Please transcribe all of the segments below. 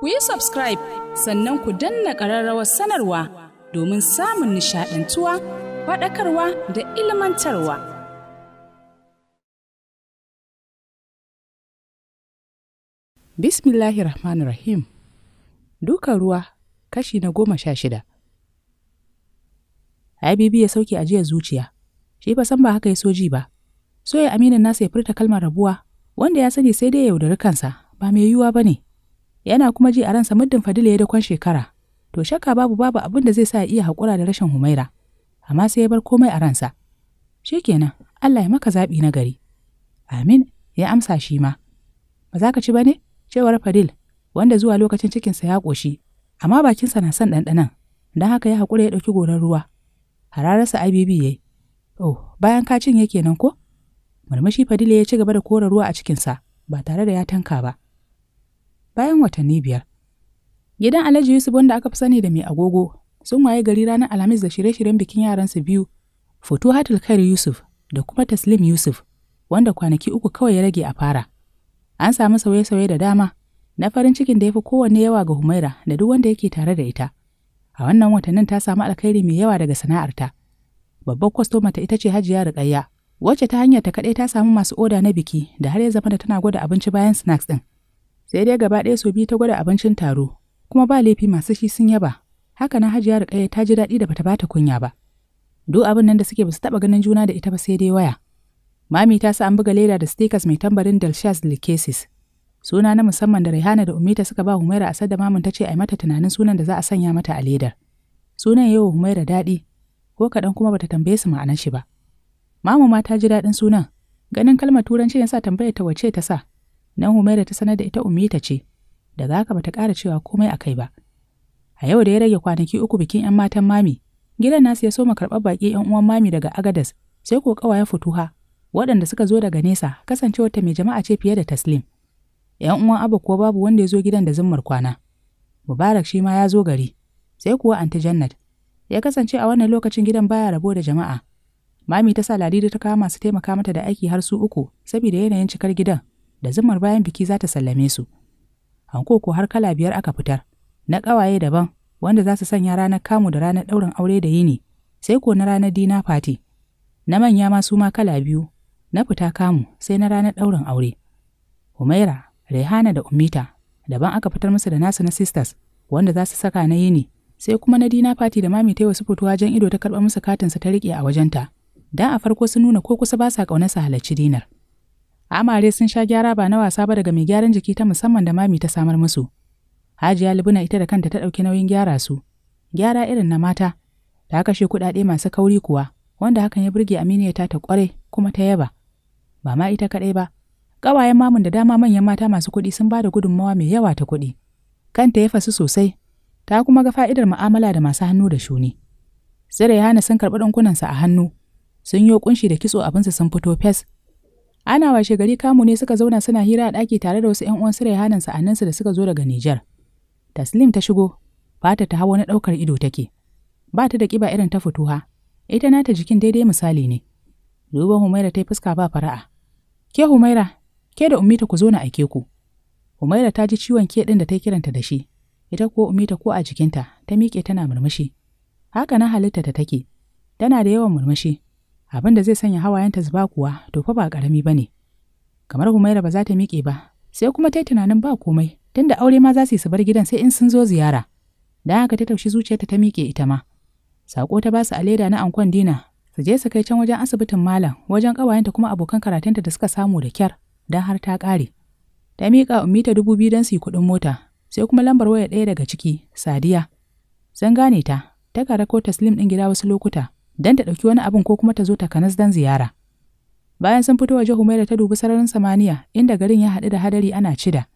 ku yi subscribe sannan ku danna ƙararrawar sanarwa domin samun nishaɗantuwa faɗakarwa da ilmantarwa. Bismillahir Rahmanir Rahim Dukan ruwa kashi na goma sha shida. Habibi ya sauke ajiyar zuciya, shi ba san ba haka ya so ji ba, Soya ya aminin nasa ya furta kalmar rabuwa wanda ya sani sai dai ya yaudari kansa ba mai yiwuwa ba ne. yana kuma ji a ransa muddin fadila ya da kwan shekara to shakka babu babu abin da zai sa ya iya haƙura da rashin humaira amma sai ya bar komai a ransa shikenan Allah ya maka zaɓi na gari amin ya amsa shi ma ba za ka ci ba ne cewar fadil wanda zuwa lokacin cikinsa ya ƙoshi amma bakinsa na son ɗanɗanan don haka ya haƙura ya ɗauki goran ruwa hararsa IBB ya yi oh bayan ka yake nan, ko murmushi fadila ya ci gaba da kora ruwa a cikinsa ba tare da ya tanka ba bayan watanni biyar. Gidan Alhaji Yusuf wanda aka fi sani da mai agogo sun waye gari ranar Alhamis da shirye-shiryen bikin yaransu biyu, Futuhatul Khair Yusuf da kuma Taslim Yusuf, wanda kwanaki uku kawai ya rage a fara. An samu sauye-sauye da dama, na farin cikin da ya fi kowanne yawa ga Humaira da duk wanda yake tare da ita. A wannan watannin ta samu alkhairi mai yawa daga sana'arta. Babbar kwastoma ta ita ce Hajiya Rukayya, wacce ta hanyar ta kaɗai ta samu masu oda na biki da har ya zama da tana gwada abinci bayan snacks ɗin. sai dai gaba ɗaya sau biyu ta gwada abincin taro kuma ba laifi masu shi sun yaba haka na hajiya ƙaya ta ji daɗi da bata bata kunya ba duk abin nan da suke basu taɓa ganin juna da ita ba sai dai waya mami ta sa an buga leda da stickers mai tambarin delshas likesis suna na musamman da raihana da Umita suka ba Humaira a sadda mamin ta ce a mata tunanin sunan da za a sanya mata a ledar. Sunan wa Humaira daɗi, ko kaɗan kuma bata tambaye su ma'anar shi ba. Mamu ma ta ji daɗin sunan, ganin kalmar turanci ya sa tambayar ta wace ta sa, nan Humaira ta sanar da ita Umita ce, da za ka bata kara cewa komai a kai ba. A yau da ya rage kwanaki uku bikin 'yan matan mami, gidan nasu ya soma karɓar baƙi 'yan uwan mami daga Agadas, sai ko ƙawayen futuha, waɗanda suka zo daga nesa, kasancewar ta mai jama'a ce fiye da Taslim. 'Yan uwan Abba kuwa babu wanda ya zo gidan da zimmar kwana. Mubarak shi ma ya zo gari, sai kuwa Anti Jannat. Ya kasance a wannan lokacin gidan baya rabo da jama'a. Mami ta sa Ladidi ta kawo masu taimaka mata da aiki har su uku, saboda yanayin cikar gidan, da zumar bayan biki za ta sallame su. Hanko ko har kala biyar aka fitar, na ƙawaye daban wanda za su sanya ranar kamu da ranar ɗaurin aure da yini, sai ko na ranar dina fati. Na manya ma su ma kala biyu, na fita kamu sai na ranar ɗaurin aure. Umaira, Rehana da Umita, daban aka fitar musu da nasu na sisters, wanda za su saka na yini, sai kuma na dina fati da mami ta yi wasu fito jan ido ta karɓa musu katinsa ta riƙe a wajenta. Dan a farko sun nuna ko kusa ba sa ƙaunar su halarci dinar. Amare sun sha gyara ba na wasa ba daga mai gyaran jiki ta musamman da mami ta samar musu. Hajiya libuna ita da kanta ta ɗauki nauyin gyara su. Gyara irin na mata, ta kashe kuɗaɗe masu kauri kuwa, wanda hakan ya burge aminiyata ta ƙware kuma ta yaba. Ba ma ita kaɗai ba, ƙawayen mamun da dama manyan mata masu kuɗi sun ba da gudunmawa mai yawa ta kuɗi. Kanta ya fasu sosai, ta kuma ga fa'idar mu'amala da masu hannu da shuni. Sire hana sun karɓi ɗankunansa a hannu, sun yi kunshi da kitso abinsu sun fito fes Ana washe gari kamu ne suka zauna suna hira a ɗaki tare da wasu ‘yan uwan su Raihanan sa'annansu da suka zo daga Nijar. Taslim ta shigo, bata ta hawa na ɗaukar ido take. Ba ta da ƙiba irin ta fituha, ita nata jikin daidai misali ne. Duba Humaira ta yi fuska ba fara'a. Ke Humaira, ke da Umita ku zo na aike ku. Humaira ta ji ciwon ke ɗin da ta kiranta da shi, ita ko Umita ko a jikinta ta miƙe tana murmushi. Haka na halitta ta take, tana da yawan murmushi, abin da zai sanya hawayenta zuba kuwa to fa ba ƙarami ba ne kamar humaira ba za ta miƙe ba sai kuma ta yi tunanin ba komai tunda aure ma za su yi su bar gidan sai in sun zo ziyara Don haka ta taushi zuciyarta ta miƙe ita ma sako ta ba su a leda na ankon dina su je su kai can wajen asibitin malam wajen ƙawayenta kuma abokan karatunta da suka samu da kyar don har ta ƙare ta miƙa ummi ta dubu biyu don su yi kuɗin mota sai kuma lambar waya ɗaya daga ciki sadiya sun gane ta ta kara ko taslim ɗin gida wasu lokuta dan ta ɗauki wani abin ko kuma ta zo takanas kanas don ziyara. Bayan sun fito waje Humaira ta dubi sararin samaniya inda garin ya haɗu da hadari ana cida.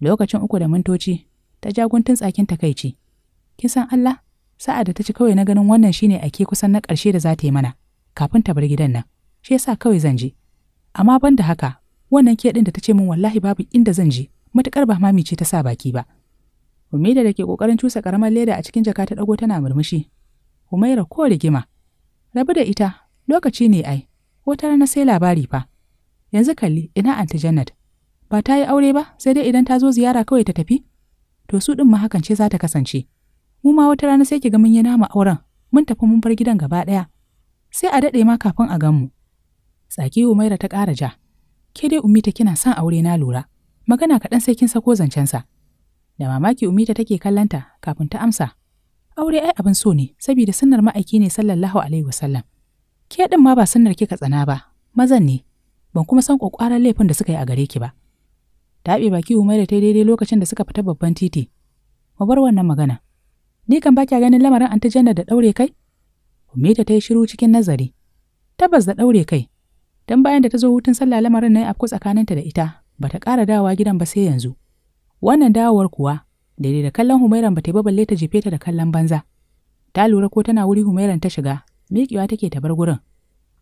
Lokacin uku da mintoci, ta ja guntun tsakin takaici. Kin san Allah, sa'a da ta ci kawai na ganin wannan shine ake kusan na ƙarshe da za ta yi mana kafin ta bar gidan nan. Shi yasa kawai zan je. Amma ban da haka, wannan ke da ta ce min wallahi babu inda zan je, matuƙar ba mami ce ta sa baki ba. Humaira da ke ƙoƙarin cusa ƙaramar leda a cikin jaka ta ɗago tana murmushi. Humaira ko rigima, rabu da ita lokaci ne ai wata rana sai labari fa yanzu kalli ina anti janet ba ta yi aure ba sai dai idan ta zo ziyara kawai ta tafi to su ɗin ma hakan ce za ta kasance mu ma wata rana sai ki ga mun yi nama auren mun tafi mun bar gidan gaba ɗaya sai a daɗe ma kafin a gan mu tsaki umaira ta ƙara ja ke dai umita kina son aure na lura magana kaɗan sai kin sako zancensa da mamaki umita take kallanta kafin ta amsa Aure ai abin so ne, saboda sunnar ma'aiki ne sallallahu alaihi wasallam. Ke din ma ba sunnar kika tsana ba, mazan ne, ban kuma san ƙwaƙwaran laifin da suka yi a gare ki ba. Daɓe baki Umaira ta daidai lokacin da suka fita babban titi. Mu bar wannan magana. Ni kan baki ganin lamarin an ta janna da daure kai? Umaira ta yi shiru cikin nazari. Tabbas da daure kai, don bayan da ta zo hutun sallah lamarin na ya afku tsakaninta da ita, bata kara ƙara dawowa gidan ba sai yanzu. Wannan dawowar kuwa daidai da kallon humairan ba ta ba balle ta jefe ta da kallon banza ta lura ko tana wuri humairan ta shiga miƙewa take ta bar gurin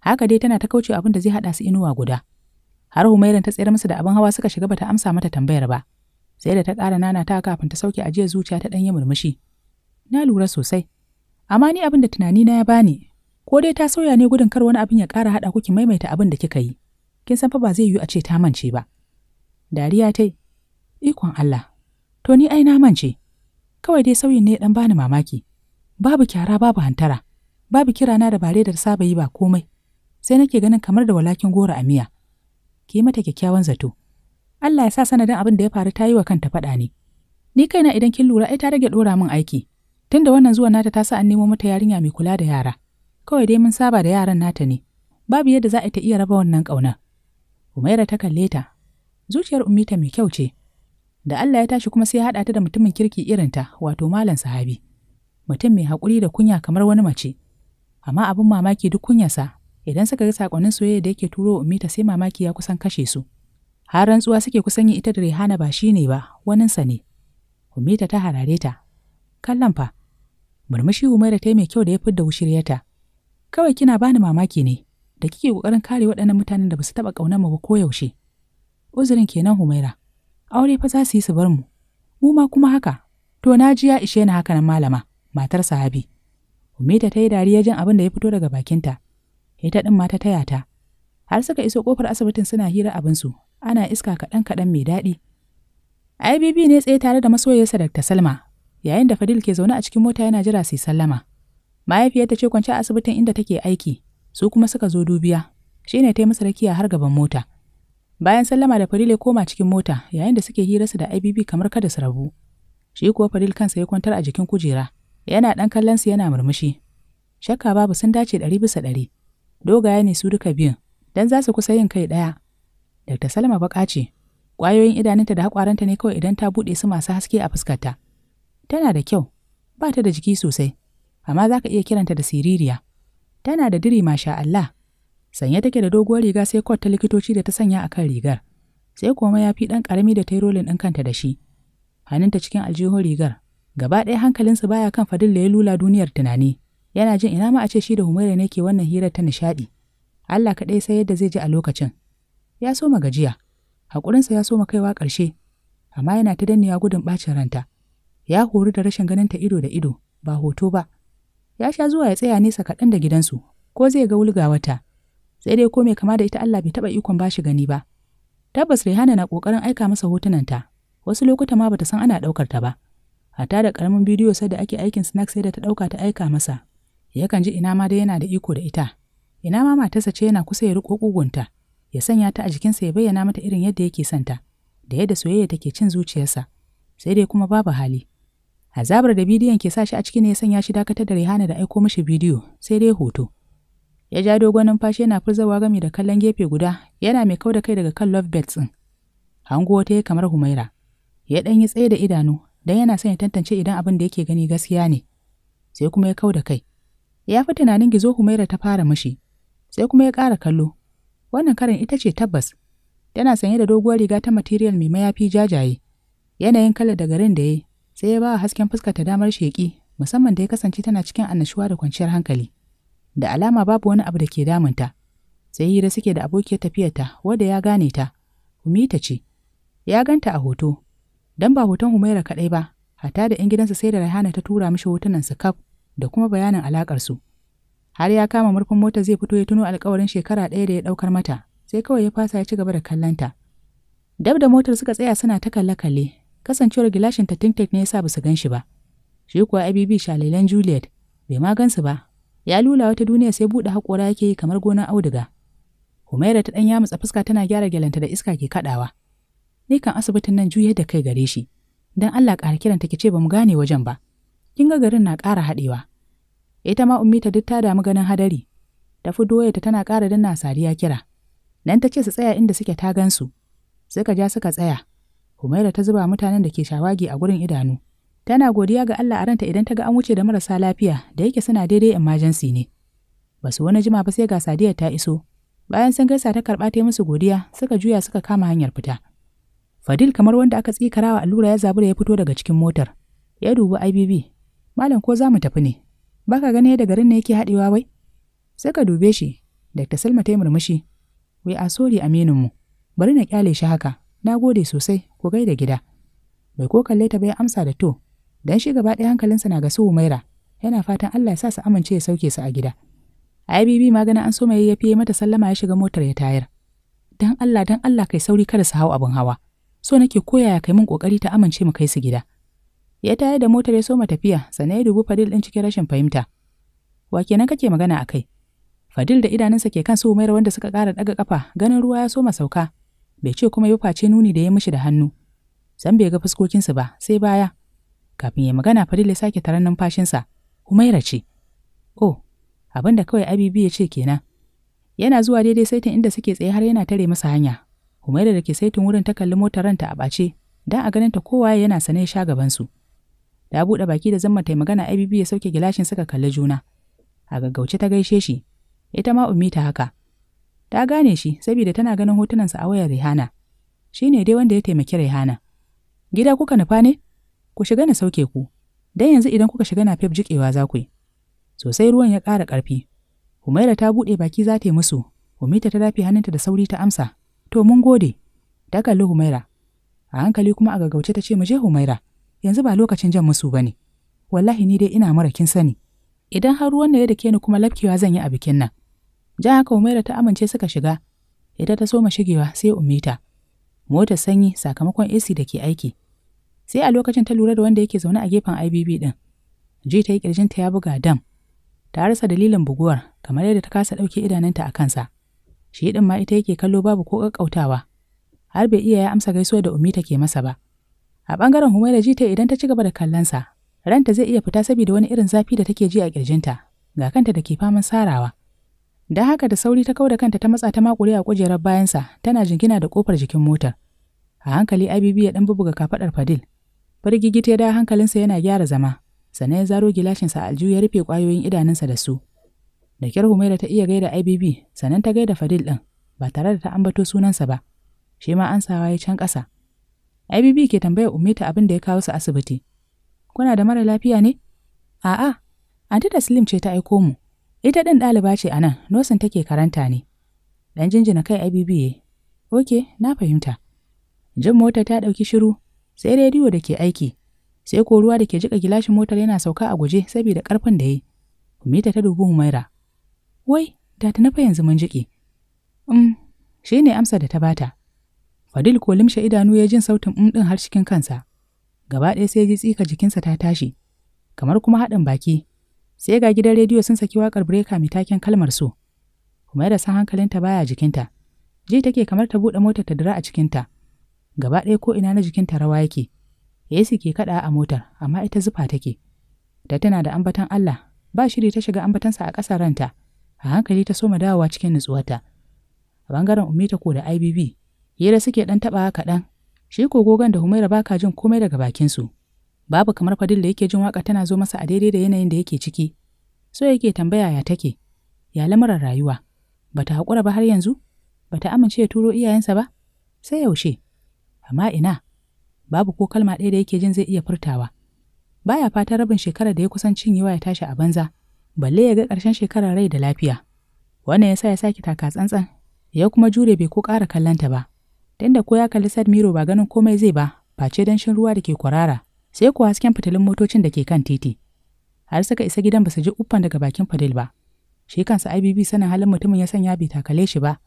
haka dai tana ta kauce abin da zai haɗa su inuwa guda har humairan ta tsayar masa da abin hawa suka shiga ba ta amsa mata tambayar ba sai da ta ƙara nana ta kafin ta sauke ajiyar zuciya ta ɗanyi murmushi na lura sosai amma ni abin da tunani na ya bani ko dai ta sauya ne gudun kar wani abin ya ƙara haɗa kuki maimaita abin da kika yi kin san fa ba zai yiwu a ce ta mance ba dariya tai ikon Allah To ni ai na mance. Kawai dai sauyin ne dan bani mamaki. Babu kyara babu hantara. Babu kirana da bare da saba yi ba komai. Sai nake ganin kamar da walakin goro a miya. Ki mata kyakkyawan zato. Allah ya sa sanadin abin da ya faru ta yi wa kanta faɗa ne. Ni kaina idan kin lura ai ta rage dora min aiki. Tunda wannan zuwa nata ta sa an nemo mata yarinya mai kula da yara. Kawai dai mun saba da yaran nata ne. Babu yadda za a ta iya raba wannan ƙauna Umaira ta kalle ta, zuciyar Ummita mai kyau ce, da Allah ya tashi kuma sai ya haɗa ta da mutumin kirki irinta wato malam sahabi mutum mai haƙuri da kunya kamar wani mace amma abin mamaki duk kunyarsa idan suka ga sakonnin soyayya da yake turo umita sai mamaki ya kusan kashe su har rantsuwa suke kusan yi ita da Rehana ba ne ba waninsa ne umita ta harare ta kallon fa murmushi umaira ta yi mai kyau da ya fidda ta. kawai kina bani mamaki ne da kike kokarin kare waɗannan mutanen da ba su taɓa ƙaunar mu ba koyaushe uzurin kenan humaira aure fa za su yi su bar mu mu ma kuma haka to na ji ya ishe ni haka nan malama matar sahabi Umita ta yi dariya jin abin da ya fito daga bakinta ita din ma ta taya ta har suka iso kofar asibitin suna hira abin su ana iska kaɗan kaɗan mai daɗi IBB ne tsaye tare da masoyarsa da Salma yayin da Fadil ke zaune a cikin mota yana jira su sallama Mahaifiyarta ce kwance a asibitin inda take aiki su kuma suka zo dubiya shine ta yi masa rakiya har gaban mota Bayan sallama da Faril ya koma cikin mota yayin da suke hirarsa da IBB kamar kada su rabu. Shi kuwa Faril kansa ya kwantar a jikin kujera, yana ɗan kallon su yana murmushi. Shakka babu sun dace ɗari bisa ɗari. Dogaya ne su duka biyun, dan za su kusa yin kai ɗaya. Dr. Salma baƙa ce, ƙwayoyin idanunta da haƙwaranta ne kawai idan ta buɗe su masu haske a fuskarta. Tana da kyau, ba ta da jiki sosai, amma za ka iya kiranta da siririya. Tana da diri masha Allah, Sanye take da doguwar riga sai kot ta likitoci da ta sanya a kan rigar. Sai kuma mayafi ɗan ƙarami da ta yi rolin ɗin kanta da shi. Hannunta cikin aljihun rigar. Gaba ɗaya hankalinsu baya kan da ya lula duniyar tunani. Yana jin ina ma a ce shi da Humaira ne ke wannan hirar ta nishaɗi. Allah kaɗai sai yadda zai ji a lokacin. Ya so gajiya. Haƙurinsa ya so kaiwa ƙarshe. Amma yana ta danniya gudun ɓacin ranta. ya horu da rashin ganin ta ido da ido ba hoto ba ya sha zuwa ya tsaya nesa kaɗan da gidansu ko zai ga wulga wata sai dai ko mai kama da ita Allah bai taɓa ikon bashi gani ba. Tabbas rihana na ƙoƙarin aika masa hotunanta, wasu lokuta ma bata san ana ɗaukar ta ba. Hata da ƙaramin bidiyo sai da ake aikin snack sai da ta ɗauka ta aika masa. Yakan ji ina ma dai yana da iko da ita. Ina ma matarsa ce yana kusa ya riƙo ƙugunta, ya sanya ta a jikinsa ya bayyana mata irin yadda yake son ta, da yadda soyayya take cin zuciyarsa. Sai dai kuma babu hali. Azabar da bidiyon ke sa shi a ciki ne ya sanya shi dakatar da Rehana da aiko mishi bidiyo, sai dai hoto. ya ja dogon numfashi yana furzawa gami da kallon gefe guda yana mai kau da kai daga kan lovebirds ɗin hango ya kamar humaira ya dan yi tsaye da idanu dan yana son ya tantance idan abin da yake gani gaskiya ne sai kuma ya kau da kai ya fi tunanin gizo humaira ta fara mashi. sai kuma ya ƙara kallo wannan karin ita ce tabbas tana sanye da doguwar riga ta material mai mayafi jajaye yanayin kalar da garin da ya yi, sai ya ba hasken fuskar ta damar sheƙi musamman da ya kasance tana cikin annashuwa da kwanciyar hankali da alama babu wani abu da ke damunta sai hira suke da abokiyar tafiyarta wadda ya gane ta humita ce ya ganta a hoto dan ba hoton humaira kaɗai ba hata da 'yan gidansa sai da rahana ta tura mishi hotunan su kaf da kuma bayanin alaƙarsu har ya kama murfin mota zai fito ya tuno alƙawarin shekara ɗaya da ya ɗaukar mata sai kawai ya fasa ya ci gaba da kallonta dab da motar suka tsaya suna ta kalle-kalle kasancewar gilashin ta tintek ne ya sa ba su gan shi ba shi kuwa abibi shalilan juliet bai ma gansu ba ya lula wata duniya sai buɗe haƙora yake yi kamar gonar auduga. Humaira ta ɗan yamutsa fuska tana gyara gyalanta da iska ke kaɗawa. Ni kan asibitin nan juyar da kai gare shi, dan Allah ƙara kiran ta ce bamu gane wajen ba. Kin ga garin na ƙara haɗewa. Ita ma ummi ta duk ta damu ganin hadari. Tafi ta tana ƙara danna sariya kira. Nan ta ce su tsaya inda suke ta gansu. Suka ja suka tsaya. Humaira ta zuba mutanen da ke shawagi a gurin idanu. Tana godiya ga Allah a ranta idan ta ga an wuce da marasa lafiya da yake suna daidai emergency ne. Ba su wani jima ba sai ga Sadiya ta iso. Bayan sun gaisa ta karɓa ta musu godiya suka juya suka kama hanyar fita. Fadil kamar wanda aka tsikarawa allura ya zabura ya fito daga cikin motar. Ya dubi IBB. Malam ko za mu tafi ne? Baka gani yadda garin ne yake haɗewa wai? Sai ka dube shi. Dr. Salma ta yi murmushi. We a sorry mu. Bari na kyale shi haka. Na gode sosai. Ku da gida. Bai ko kalle ta bai amsa da to. Dan shi gaba ɗaya hankalinsa na ga su umaira yana fatan Allah ya sa su amince ya sauke su a gida. Abibi magana an so mai yayyafi mata sallama ya shiga motar ya tayar. Dan Allah dan Allah kai sauri kada su hau abin hawa. So nake koya ya kai min kokari ta amince mu kai su gida. Ya tayar da motar ya so ma tafiya, sannan ya dubi Fadil din cikin rashin fahimta. Wa kenan kake magana akai? Fadil da idanunsa ke kan su Umaira wanda suka ƙara ɗaga kafa, ganin ruwa ya so ma sauka. Bai ce kuma ya face nuni da ya mishi da hannu. San bai ga fuskokinsu ba, sai baya. Kafin ya magana Fadil ya sake taron numfashinsa, Humaira ce, Oh, abin da kawai Abibi ya ce kenan. Yana zuwa daidai saitin inda suke tsaye har yana tare masa hanya. Humaira da ke saitin wurin ta kalli motar ranta a ɓace, don a ganin ta kowaye yana sane ya sha gabansu. Ta buɗe baki da zama tai magana Abibi ya sauke gilashin suka kalli juna. A gaggauce ta gaishe shi, ita ma ummi ta haka. Ta gane shi saboda tana ganin hotunansa a wayar Rihana. Shi ne dai wanda ya taimaki Rihana. Gida kuka nufa ne? ku shiga na sauke ku, dan yanzu idan kuka shiga na fef jiƙewa za ku yi. Sosai ruwan ya ƙara ƙarfi. Humaira ta buɗe baki za ta yi musu, Humita ta dafe hannunta da sauri ta amsa, To mun gode, ta kalli Humaira. A hankali kuma a gaggauce ta ce mu je Humaira, yanzu ba lokacin jan musu ba ne. Wallahi ni dai ina mara kin sani. Idan har ruwan na ya dake ni kuma lafkewa zan yi a bikin nan. Ja haka Humaira ta amince suka shiga, ita ta soma shigewa sai Umita. Motar sanyi sakamakon AC da ke aiki. sai a lokacin ta lura da wanda yake zaune a gefen ibb din ji ta yi kirjinta ya buga dam ta rasa dalilin buguwar kamar yadda ta kasa ɗauke idanunta a kansa shi din ma ita yake kallo babu ko ƙaƙƙautawa har bai iya ya amsa gaisuwa da umi take masa ba a ɓangaren humaira ji ta idan ta ci gaba da kallonsa ranta zai iya fita saboda wani irin zafi da take ji a kirjinta ga kanta da ke faman sarawa don haka da sauri ta kau da kanta ta matsa ta makure a kujerar bayansa tana jingina da kofar jikin motar a hankali abibi ya dan bubuga kafadar fadil gigita ya da hankalinsa yana gyara zama, sannan ya zaro gilashinsa a aljihu ya rufe ƙwayoyin idanunsa da su. Da kyar Humaira ta iya gaida IBB, sannan ta gaida Fadil ɗin, ba tare da ta ambato sunansa ba. Shi ma ansawa ya can ƙasa. IBB ke tambayar umita abin da ya kawo su asibiti. Kuna da mara lafiya ne? A'a, Anti Taslim ce ta aiko mu. Ita ɗin ɗaliba ce a nan, nosin take karanta ne. Dan jinjina kai IBB ye. Oke, na fahimta. Jin mota ta ɗauki shiru, sai rediyo da ke aiki sai ko ruwa da ke jika gilashin motar yana sauka a guje saboda karfin da ya yi humita ta dubu, humaira wai da ta nafa yanzu mun jiki um shi ne amsa da ta bata fadil ko limshe idanu ya jin sautin um din har cikin kansa gaba ɗaya sai ji tsika jikinsa ta tashi kamar kuma haɗin baki sai ga gidan rediyo sun saki wakar breka mai taken kalmar so humaira san hankalinta baya jikinta ji take kamar ta buɗe motar ta dira a cikinta gaba ɗaya ko ina na jikin ta rawa yake AC ke kaɗa a motar amma ita zufa take da tana da ambatan Allah ba shiri ta shiga ambatansa a ƙasa ranta a hankali ta soma dawowa cikin nutsuwarta a bangaren umita ko da IBB hira suke ɗan taɓa kaɗan shi ko gogon da Humaira ba ka jin komai daga bakin su babu kamar fadil da yake jin waka tana zo masa a daidai da yanayin da yake ciki so yake tambaya ya take ya lamarar rayuwa bata haƙura ba har yanzu bata amince ya turo iyayensa ba sai yaushe amma ina babu ko kalma ɗaya da yake jin zai iya furtawa baya fatan rabin shekarar da ya kusan cinyewa ya tashi a banza balle ya ga ƙarshen shekarar rai da lafiya wannan ya sa ya sake taka tsantsan ya kuma jure bai ko ƙara ta ba tunda ko ya kalli sad miro ba ganin komai zai ba face danshin ruwa da ke kwarara sai kuwa hasken fitilun motocin da ke kan titi har suka isa gidan ba su ji uffan daga bakin fadil ba shi kansa ibb sanin halin mutumin ya sanya bai takale shi ba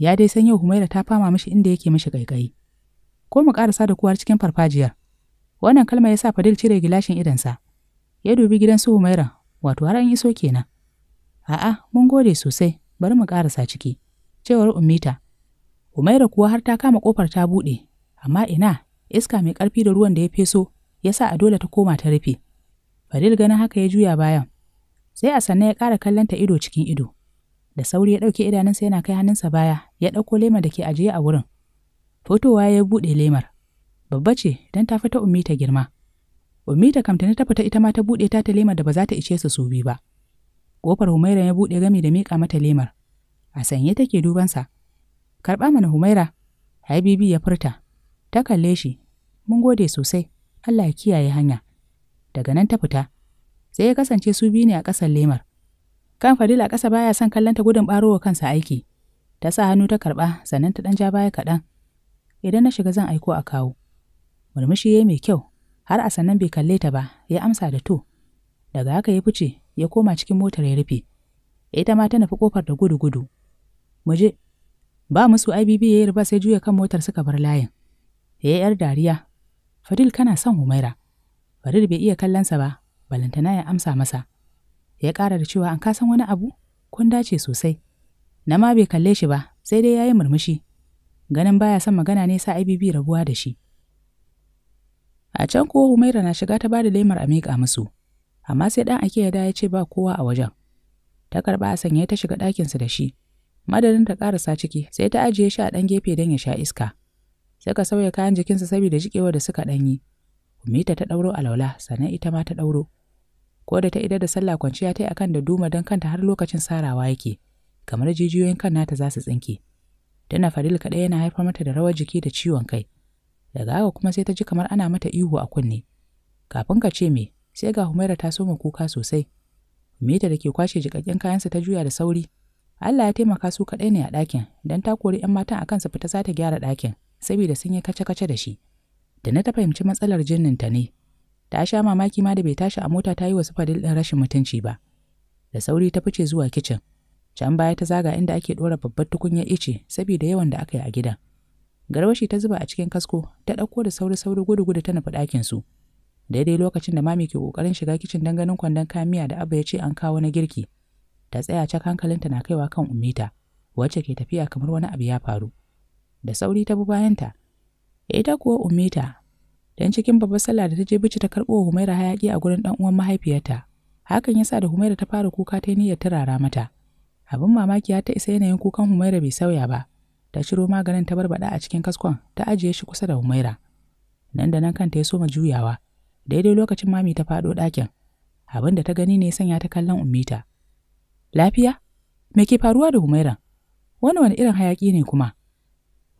ya dai san yau humaira ta fama mishi inda yake mishi kaikayi. ko mu ƙarasa da kuwar cikin farfajiyar. Wannan kalma ya sa Fadil cire gilashin idansa. Ya dubi gidan su Humaira, wato har an iso kenan. A'a, mun gode sosai, bari mu ƙarasa ciki. Cewar Ummita. Humaira kuwa har ta kama ƙofar ta buɗe, amma ina iska mai ƙarfi da ruwan da ya feso ya sa a dole ta koma ta rufe. Fadil ganin haka ya juya bayan. Sai a sannan ya ƙara kallon ta ido cikin ido. Da sauri ya ɗauke idanunsa yana kai hannunsa baya, ya ɗauko lema da ke ajiye a wurin. Fotowa ya buɗe lemar. Babba ce don ta fita ummi ta girma. Ummi ta kamtani ta fita ita ma ta buɗe ta ta lemar da ba za ta ishe su su bi ba. kofar Humaira ya buɗe gami da miƙa mata lemar. A sanye take dubansa. Karɓa mana Humaira. Habibi ya furta. Ta kalle shi. Mun gode sosai. Allah ya kiyaye hanya. Daga nan ta fita. Sai ya kasance su biyu ne a ƙasar lemar. Kan Fadila ƙasa baya son kallon ta gudun ɓarowa kansa aiki. Ta sa hannu ta karɓa sannan ta ɗan ja baya kaɗan. idan na shiga zan aiko a kawo. Murmushi ya mai kyau, har a sannan bai kalle ta ba, ya amsa da to. Daga haka ya fice, ya koma cikin motar ya rufe. Ita ma ta nufi kofar da gudu-gudu. Mu je. Ba musu IBB ya yi sai juya kan motar suka bar layin. Ya yi ‘yar dariya. Fadil kana son Humaira. Fadil bai iya kallonsa ba, balantana ya amsa masa. Ya ƙara da cewa an san wani abu? Kun dace sosai. Na ma bai kalle shi ba, sai dai ya yi murmushi. ganin baya son magana ne sa IBB rabuwa da shi. A can kuwa Humaira na shiga ta bada laimar a miƙa musu, amma sai ɗan ake yada ya ce ba kowa a wajen. Ta karɓa a sanya ta shiga ɗakinsu da shi, madadin ta ƙarasa ciki sai ta ajiye shi a ɗan gefe don ya sha iska. Saka sauya kayan jikinsa saboda jiƙewar da suka ɗan yi. Humita ta ɗauro laula, sannan ita ma ta ɗauro. Ko da ta ida da sallah kwanciya ta yi akan da duma don kanta har lokacin sarawa yake, kamar jijiyoyin kan nata za su tsinke. tana Fadil kaɗai yana haifar mata da rawar jiki da ciwon kai. Daga haka kuma sai ta ji kamar ana mata ihu a kunne. Kafin ka ce me, sai ga Humaira ta soma kuka sosai. Mita da ke kwashe jikakken kayansa ta juya da sauri. Allah ya taimaka su kaɗai ne a ɗakin, don ta kori 'yan matan a kansa fita za ta gyara ɗakin, saboda sun yi kace-kace da shi. Da na ta fahimci matsalar jinninta ne, ta sha mamaki ma da bai tashi a mota ta yi wasu fadil ɗin rashin mutunci ba. Da sauri ta fice zuwa kicin. Can baya ta zaga inda ake ɗora babbar tukunyar ice saboda yawan da aka yi a gidan. Garwashi ta zuba a cikin kasko ta ɗauko da sauri sauri gudu gudu ta nufi ɗakin su. Daidai lokacin da mami ke ƙoƙarin shiga kicin don ganin kwandon kayan miya da Abba ya ce an kawo na girki. Ta tsaya cak hankalinta na kaiwa kan Umita, wacce ke tafiya kamar wani abu ya faru. Da sauri ta bi bayanta. Eh, ita kuwa Umita, dan cikin babbar sallah da ta je bici ta karɓo Humaira hayaƙi a gurin ɗan uwan mahaifiyarta. Hakan ya sa da Humaira ta fara kuka ta niyyar turara mata. Abin mamaki ya ta isa yanayin kukan Humaira bai sauya ba. Ta ciro maganin ta barbada a cikin kaskon ta ajiye shi kusa da Humaira. Nan da nan kanta ya soma juyawa. Daidai lokacin mami ta faɗo ɗakin. Abin da ta gani ne sanya ta kallon Ummita. Lafiya? Me ke faruwa da Humaira? Wani wani irin hayaƙi ne kuma?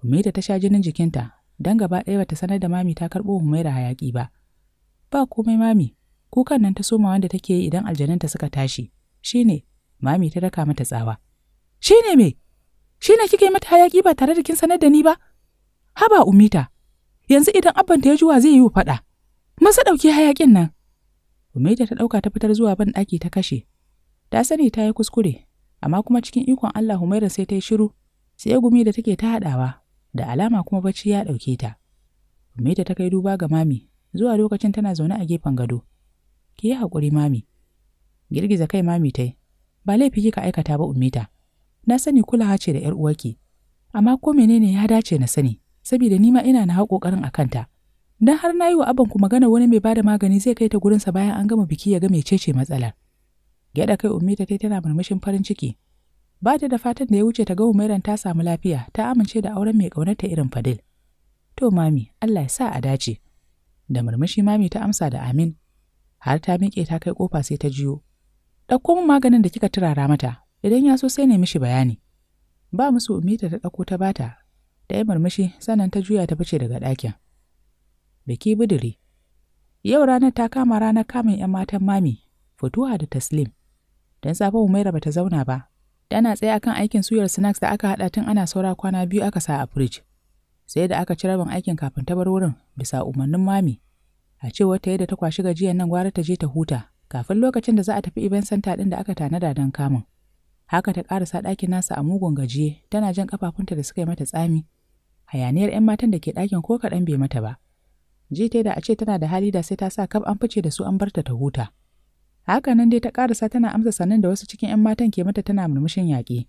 Ummita ta sha jinin jikinta don gaba ɗaya bata sanar da mami ta karɓo Humaira hayaƙi ba. Ba komai mami, kukan nan ta soma wanda take yi idan aljaninta suka tashi. Shine, Mami ta raka mata tsawa. Shi ne me? Shi ne kike mata hayaki ba tare da kin sanar da ni ba? Haba Umita, yanzu idan abbanta ya juwa zai yi faɗa. Masa ɗauki hayakin nan. Umita ta ɗauka ta fitar zuwa ban ɗaki ta kashe. Ta sani ta yi kuskure, amma kuma cikin ikon Allah Humaira sai ta yi shiru, sai gumi da take ta haɗawa, da alama kuma bacci ya ɗauke ta. Umita ta kai duba ga mami, zuwa lokacin tana zaune a gefen gado. Ki yi haƙuri mami. Girgiza kai mami ta yi, ba laifi ka aikata ba ummita na sani kulawa ce da 'yar uwarki amma ko menene ya dace na sani saboda ni ma ina na hau kokarin a dan har na yi wa ku magana wani mai bada magani zai kai ta gurin sa bayan an gama biki ya ga mecece matsalar gyada kai ummita tai tana murmushin farin ciki ba ta da fatan da ya wuce ta ga umairan ta samu lafiya ta amince da auren mai ta irin fadil to mami Allah ya sa a dace da murmushi mami ta amsa da amin har ta miƙe ta kai kofa sai ta jiyo Ɗauko min maganin da kika turara mata, idan ya so sai ne mishi bayani. Ba musu umita ta ɗauko ta bata, ta yi murmushi sannan ta juya ta fice daga ɗakin. Biki buduri. Yau ranar ta kama ranar kamun 'yan matan mami, fituwa da taslim. Don safe Umaira bata zauna ba, tana tsaye akan aikin suyar snacks da aka haɗa tun ana saura kwana biyu aka sa a firij. Sai da aka ci rabin aikin kafin ta bar wurin bisa umarnin mami. A cewar ta yadda ta kwashi gajiyar nan gwara ta je ta huta, kafin lokacin da za a tafi event santa ɗin da aka tanada don kamun. Haka ta ƙarasa ɗakin nasa a mugun gajiye, tana jan ƙafafunta da suka yi mata tsami. Hayaniyar 'yan matan da ke ɗakin ko kaɗan bai mata ba. ta da a ce tana da hali da sai ta sa kaf an fice da su an barta ta huta. Haka nan dai ta ƙarasa tana amsa sannan da wasu cikin 'yan matan ke mata tana murmushin yaƙi.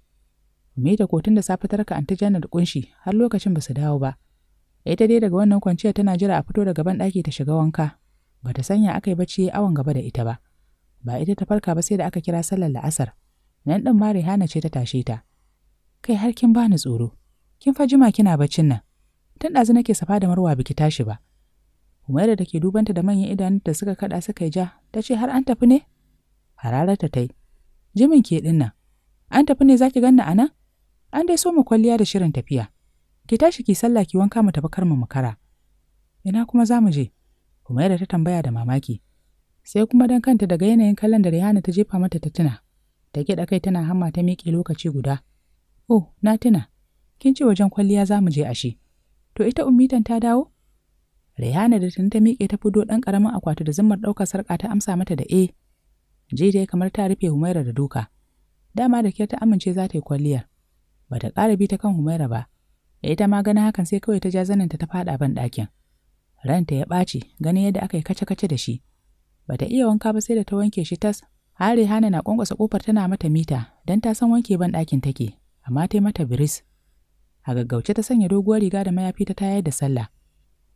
Meta kotun da safe tarka anti janar kunshi har lokacin ba su dawo ba. Ita dai daga wannan kwanciya tana jira a fito daga ban ɗaki ta shiga wanka. Bata sanya aka yi bacci awon gaba da ita ba. ba ita ta farka ba sai da aka kira sallar la'asar nan ɗin ma Rihana ce ta tashe ta kai har kin bani tsoro kin fa jima kina baccin nan tun ɗazu nake safa da marwa biki tashi ba Umaira da ke dubanta da manyan idanun da suka kaɗa suka yi ja ta ce har an tafi ne hararata ta yi jimin ke ɗin nan an tafi ne zaki ganna a nan an dai so mu kwalliya da shirin tafiya ki tashi ki sallah ki wanka mu tafi karmu mu makara ina kuma za mu je Umaira ta tambaya da mamaki sai kuma dan kanta daga yanayin kallon da Rihanna ta jefa mata ta tuna. Ta gyaɗa kai tana hamma ta miƙe lokaci guda. Oh, na tuna, kin ce wajen kwalliya za mu je ashe. To ita ummitan ta dawo? Rihanna da tuni ta miƙe ta fido ɗan ƙaramin akwati da zimmar ɗaukar sarƙa ta amsa mata da e. Eh. Je dai kamar ta rufe Humaira da duka. Dama da ke ta amince za ta yi kwalliyar. Ba ta ƙara bi ta kan Humaira ba. Ita ma ganin hakan sai kawai ta ja zaninta ta faɗa ban ɗakin. Ranta ya ɓaci ganin yadda aka yi kace-kace da shi. ba ta iya wanka ba sai da ta wanke shi tas hare Hana na kwankwasa kofar tana mata mita don ta san wanke ban ɗakin take amma ta mata biris a gaggauce ta sanya doguwar riga da mayafi ta tayar da sallah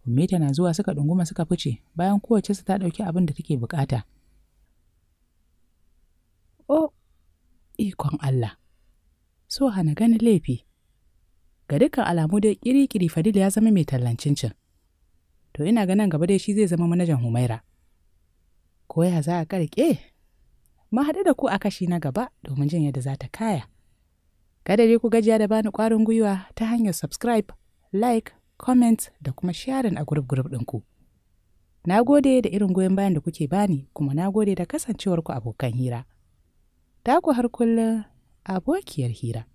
Ummeta na zuwa suka ɗunguma suka fice bayan kowace su ta ɗauki abin da take bukata. O, ikon Allah, so hana ganin laifi. Ga dukkan alamu dai kiri-kiri Fadil ya zama mai tallancin cin. To ina ganin gaba dai shi zai zama manajan Humaira. ko ya za a karke mu haɗu da ku a kashi na gaba domin jin yadda za ta kaya kada dai ku gajiya da bani ƙwarin gwiwa ta hanyar subscribe like comment da kuma sharing a gurub gurub ɗinku na gode da irin goyon bayan da kuke bani kuma na gode da kasancewarku abokan hira ta ku har kullum abokiyar hira